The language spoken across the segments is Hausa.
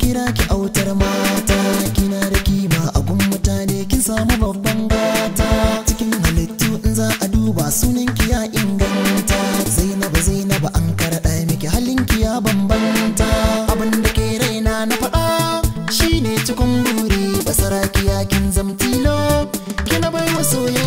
kira ki autar mata kina da kima a mutane kin samu babban gata cikin halittu in za a duba sunan ki ya inganta zainaba zainaba an karɗa miki halin ki ya bambanta abin da ke raina na faɗa shine cikin guri basara kin zamtilo kina bai masoya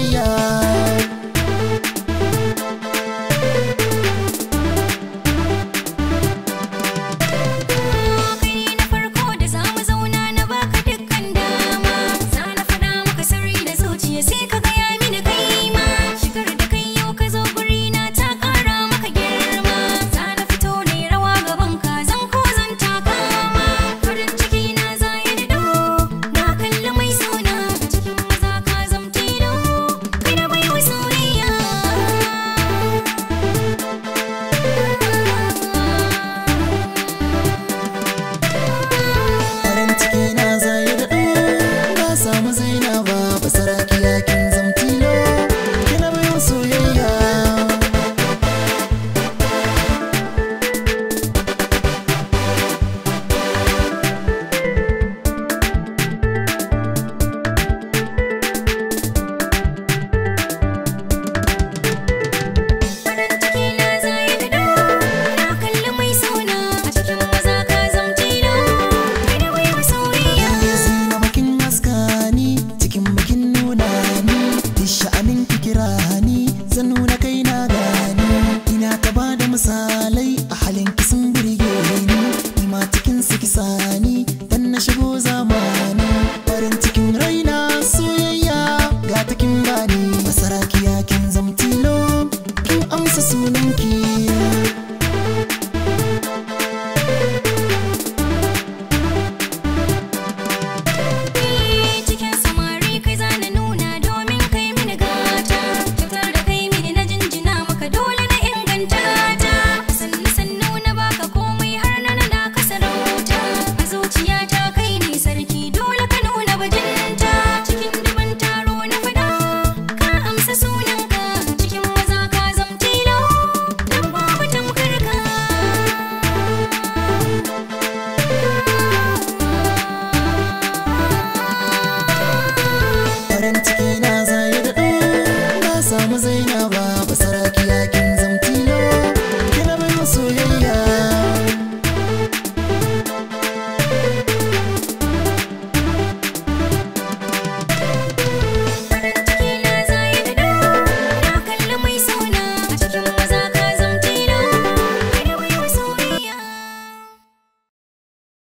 isso, sim,